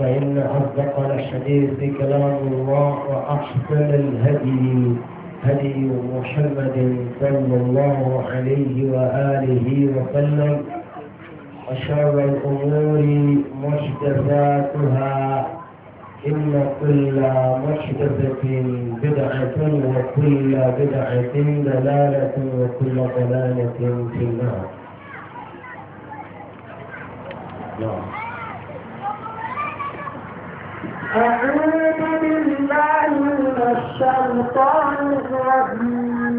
فإن أصدق الحديث كلام الله وأحسن الهدي هدي محمد صلى الله عليه وآله وسلم وشر الأمور محدثاتها إن كل محدثة بدعة وكل بدعة دلالة وكل ضلالة في النار. No. نعم. أعوذ بالله من الشيطان الرجيم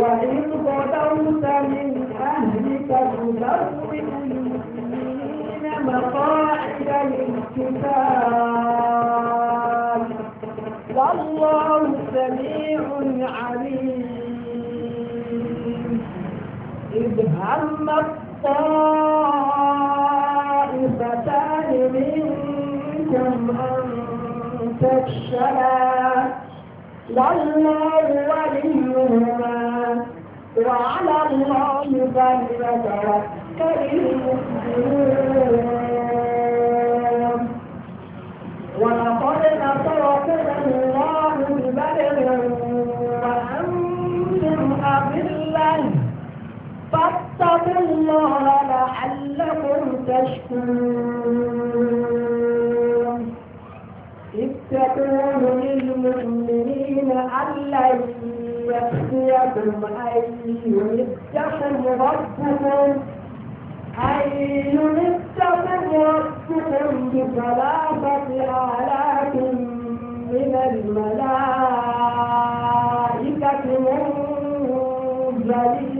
وإن غدوت من أهلك تبوئ المؤمنين مقاعد للقتال والله سميع عليم إذ هم الطائف فاشلا والله وليهما وعلى الله فليتوكل المؤمنون ولقد نصركم الله ببدر وأنتم أذلة فاتقوا الله لعلكم تشكرون يكون للمؤمنين ألا يكفيكم أن يمدكم ربكم أن يمدكم ربكم بثلاثة آلاف من الملائكة منزلين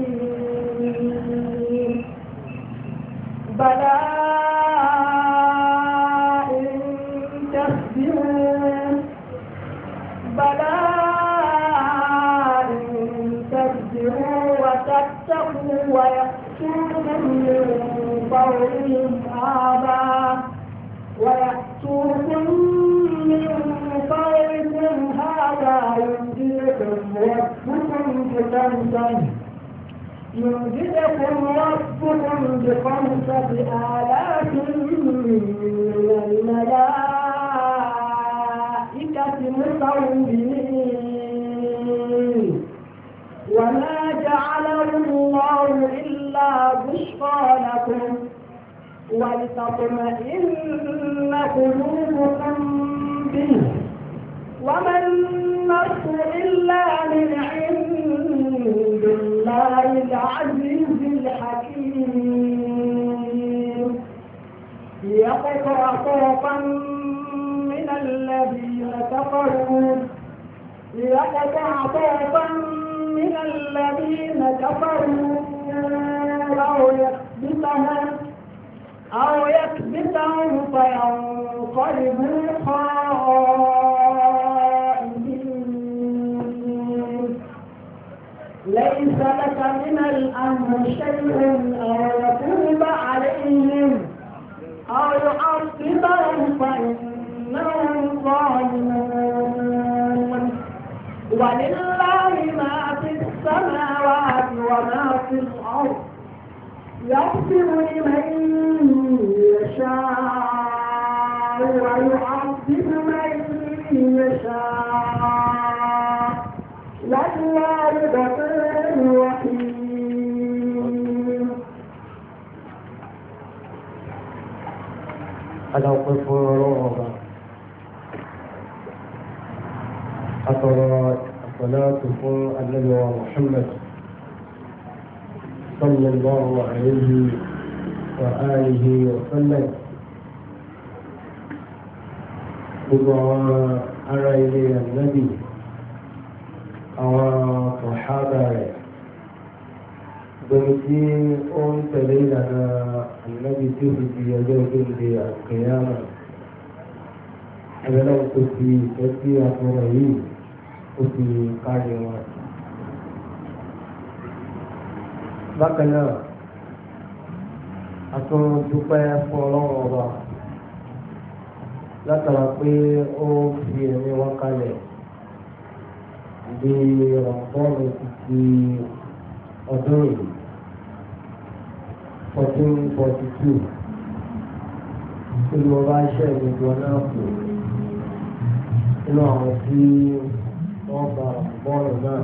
خمسة يمددكم ربكم بخمسة آلاف من الملائكة مصورين وما جعله الله إلا بشرى لكم ولتطمئن قلوبكم به وما النصر إلا من عند الله العزيز الحكيم يقطع طوقا من الذين كفروا يقطع طوقا من الذين كفروا أو يكبتهم أو يكبتهم فينقلبوا خائعين ليس لك من الأمر شيء أو يتوب عليهم أو يعذبهم فإنهم ظالمون ولله ما في السماوات وما في الأرض يغفر لمن يشاء ويعذب من يشاء والله بطل الرحيم الأوقف رعبا أطرات الصلاة فوق النبي محمد صلى الله عليه وآله وسلم بضع أرى إلي النبي أرى صحابه gbẹ̀mìtì ó ń tẹ̀lé ìlànà ànábì tí ó fi di ọjọ́ ìgbéǹde àkẹyàmà ẹgbẹ́ náà tó fi ìfẹ́ sí àtọ̀rọ̀ yìí ó fi kárí wọn. bákan náà a tún dúpẹ́ fún ọlọ́run ọba látara pé ó fi ẹ̀mí wọn kalẹ̀ bí ọ̀pọ̀ mi ti ọdún yìí fourteen forty two olùwọ́ba iṣẹ́ ìgbìmọ̀ náà kù nínú àwọn tí wọ́n gba bọ́ọ̀lù náà.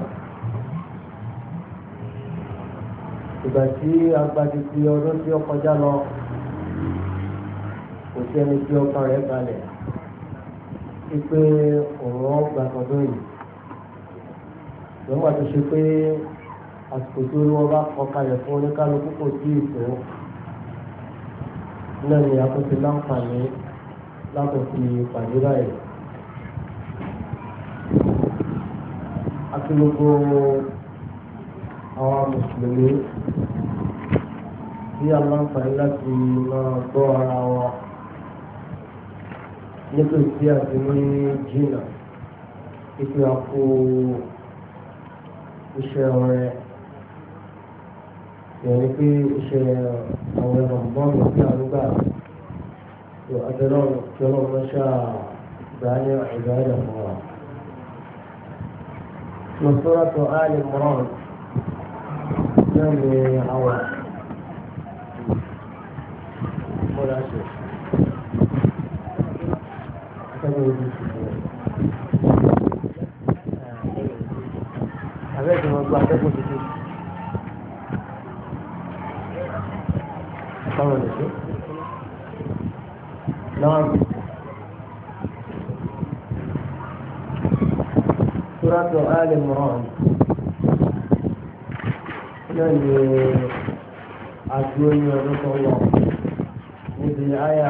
ìgbà tí agbadidi ọdún tí ó kọjá lọ kò sí ẹni tí ọkàn rẹ̀ balẹ̀ wípé òun ọgbà tọdún yìí lọ́wọ́ àti ṣe pé àsìkò tó ní wọ́n bá kọ kalẹ̀ fún oníkálukú kò tí ì tó náà ni àkóso láǹfààní látòkì pàdé báyìí. akílógó àwọn mùsùlùmí tí a máa ń fàyè láti máa gbọ́ ara wa nítòsí àti ní jìnnà ìpè àpò iṣẹ́ ọ̀rẹ́ yẹni pé iṣẹ́ àwọn ẹ̀rọ bọ́ọ̀lù tí a ń gbà tó adẹ́rọ̀ tí ọlọ́run lọ́ṣà ìdáyẹ ìdáyẹ fún wa. lọ́sọ́rọ́ tó áàlì mọ́rán náà ni àwọn ṣe. sáwọn nìṣẹ́ náà Suratu Ali Imran náà ni àdúró ní ọdún tó lọ níbi àyà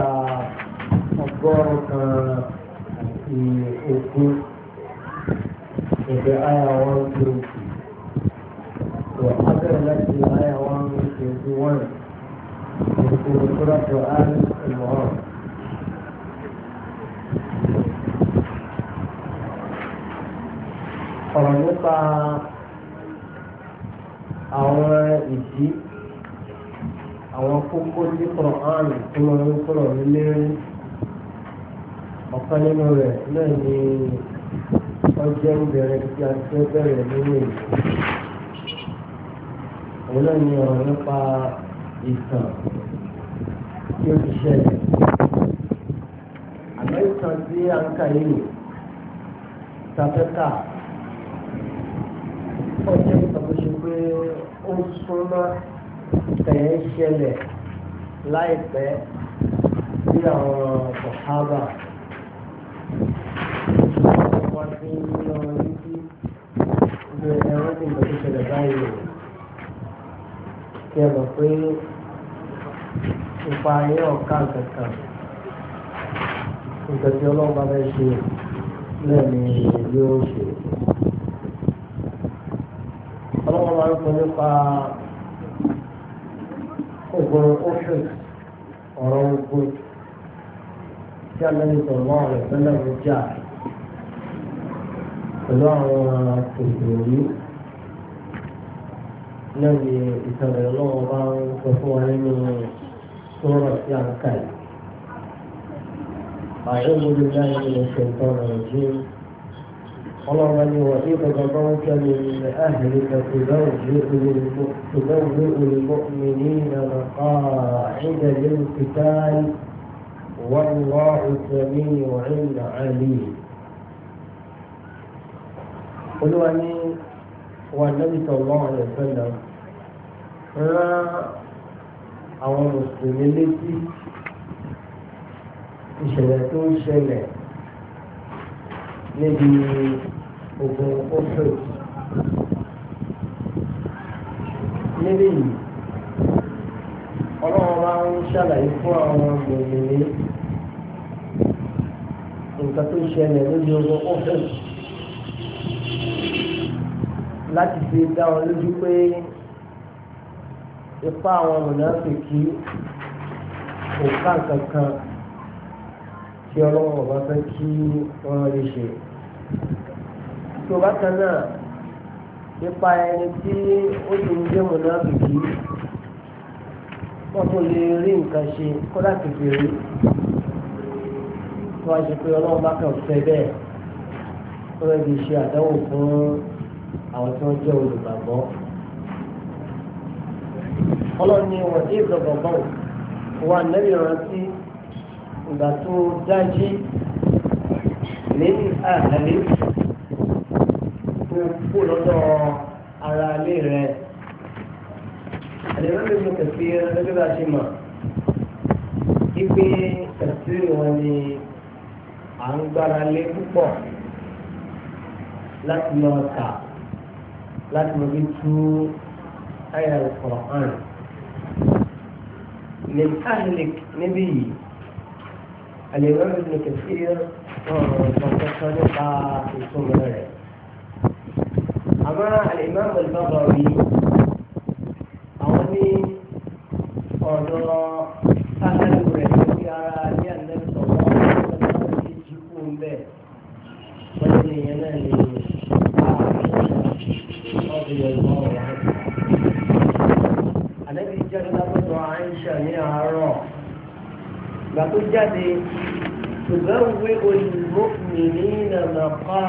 ọgọ́rùn kan àti ogún níbi àyà one twenty. وحصل لك في الآية 121 يذكر سورة آل عمران ọ̀rọ̀ nípa àwọn ìdí àwọn kókó tí Qur'an tó máa ń kúrò nílé ọ̀kan nínú rẹ̀ náà ni ọjọ́ ìbẹ̀rẹ̀ tí a ti bẹ̀rẹ̀ nínú ìlú òun náà ni ọ̀rọ̀ nípa ìtàn tí ó ti ṣẹlẹ̀ àmọ́ ìtàn tí a ń kà yìí tàbẹ́kà ó jẹ́ ìtàn tó ṣe pé ó súnmọ́ tẹ̀yẹ́ ṣẹlẹ̀ láìpẹ́ bí àwọn sàhábà wọ́n ti ń lọ rí sí ẹ̀rọ ìgbà tó ṣẹlẹ̀ báyìí kí ẹ mọ̀ pé ipa ní ọ̀ka kankan nǹkan tí ọlọ́run bá fẹ́ ṣe náà ni yóò ṣe. ọlọ́run máa ń sọ nípa ogun oṣù ọ̀rọ̀ ogun tí a lẹ́yìn sọ̀rọ̀ fẹ́lẹ́ ló jà pẹ̀lú àwọn ètò yìí náà ni ìtàlẹ̀ ọlọ́wọ́ bá ń sọ fún wa nínú sọ́rọ̀ sí àǹkà yìí. أعوذ بالله من الشيطان الرجيم اللهم إني وإيك غضبك من أهلك تبوئ المؤمنين مقاعد للقتال والله سميع عليم. قل وأني والنبي صلى الله عليه وسلم rán àwọn mùsùlùmí létí ìṣẹ̀lẹ̀ tó ń ṣẹlẹ̀ níbi ogun oṣù níbi yìí ọlọ́run máa ń ṣàlàyé fún àwọn mùsùlùmí nǹkan tó ń ṣẹlẹ̀ níbi ogun oṣù láti fi dá wọn lójú pé ipá àwọn mùnàfíkì kò ká nǹkan kan tí ọlọ́wọ́ bá fẹ́ kí wọ́n lè ṣe. tó bákan náà nípa ẹni tí ó ti ń jẹ́ mùnàfíkì wọ́n tó lè rí nǹkan ṣe kódà kékeré tó a ṣe pé ọlọ́wọ́ bá kàn fẹ́ bẹ́ẹ̀ wọ́n lè ṣe àdánwò fún àwọn tí wọ́n jẹ́ olùgbàgbọ́. ọlọ́ni wọn tí ìgbàgbọ́ wà nẹ́bí rántí ìgbà tó dájí lẹ́yìn àhẹ́lẹ́ tó kú lọ́dọ̀ ara ilé rẹ̀. àlẹ́ rẹ̀ ló kẹ̀sí ẹgbẹ́ bá ṣe mọ̀ ipe kẹ̀sí wọn ni à ń gbára lé púpọ̀ láti lọ kà. لكن ما جبت القرآن من أهلك نبي الإمام ابن كثير فقط في سورة أما الإمام البغوي أولي أولا أهل الرسول يرى لأن الله عليه وسلم يجيكم به وليس àlẹ́bí jáde lápẹ́tọ̀ àìṣà ní àárọ̀ gbà tó jáde tùbẹ́wé olùmọ́kùnrin náà nàkọ́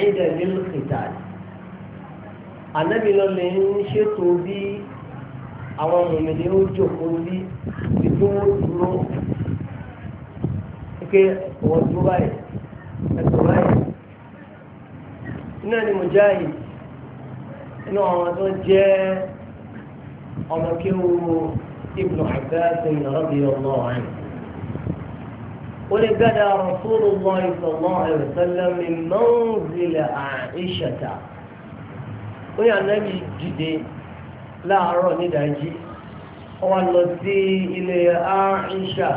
àìdẹ̀ nílùú kìtàlì àlẹ́bí lọ lè ń ṣètò bí àwọn mòmìnir ó jòkó bí ìdó dúró pé wọ́n dúró báyìí ẹ̀sùn báyìí náà ni mo jáde inú àwọn tó jẹ́ ọmọ kéwu ibnu abbas radiyallahu anhu. ولقد رسول الله صلى الله عليه وسلم من منزل عائشة ويا النبي جدي لا أرى نداجي wọ́n lọ sí ilé àáṣà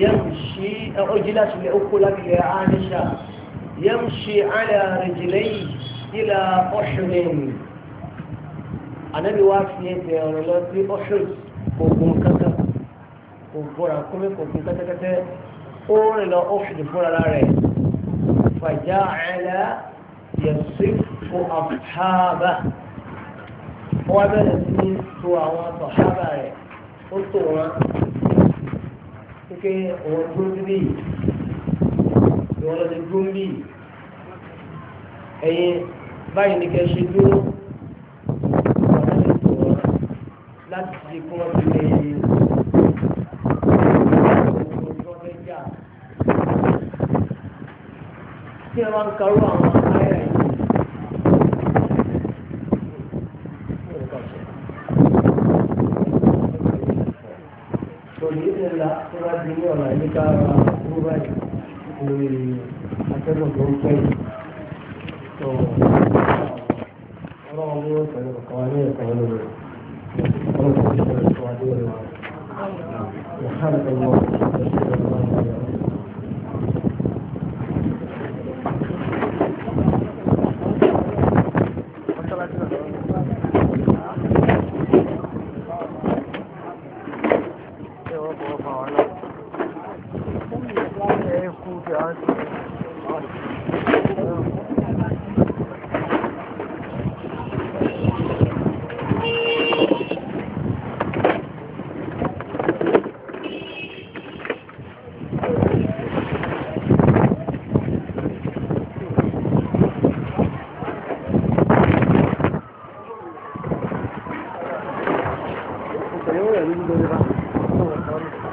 yẹ́mṣí ọjílá ṣùgbẹ́ okó lábílẹ̀ àáṣà yẹ́mṣí àlẹ́ àrẹ̀jìlẹ̀ yìí ìlà ọ̀ṣùrìn ànábi wá fi ẹsẹ̀ ọ̀rọ̀ lọ sí ọ̀ṣùrìn ogun kankan kò bọ́ra kúmi kò fi kẹ́tẹ́kẹ́tẹ́ ó rìn lọ ọ̀ṣùrìn fúnra rẹ̀ fàjà ẹ̀là yẹ̀sí fún àbùhábà ó wá bẹ̀rẹ̀ sí ní to àwọn àbùhábà rẹ̀ ó tò wọn pé òun dúró síbí ìwọ́n lọ́dún dúró ń ẹ̀yìn báyìí ní kẹ́ ṣe dúró ọ̀rọ̀ lè tó ọ̀rọ̀ láti ṣe kí wọ́n fi lè yẹ tí ẹ máa ń karú àwọn àárẹ̀ yìí. Tòlí ní la tó bá di ní ọ̀la yìí ká ra wúrà yìí lórí atẹ́gùn tó ń pẹ́ yìí tó ọ̀rọ̀ wọn yóò tẹ̀lé ọ̀kan wá ní ẹ̀kọ́ lórí ọ̀rọ̀ tó ti tẹ̀lé tó wá lórí wa. سبحانك اللهم وبحمدك اشهد ان لا اله الا انت Thank you.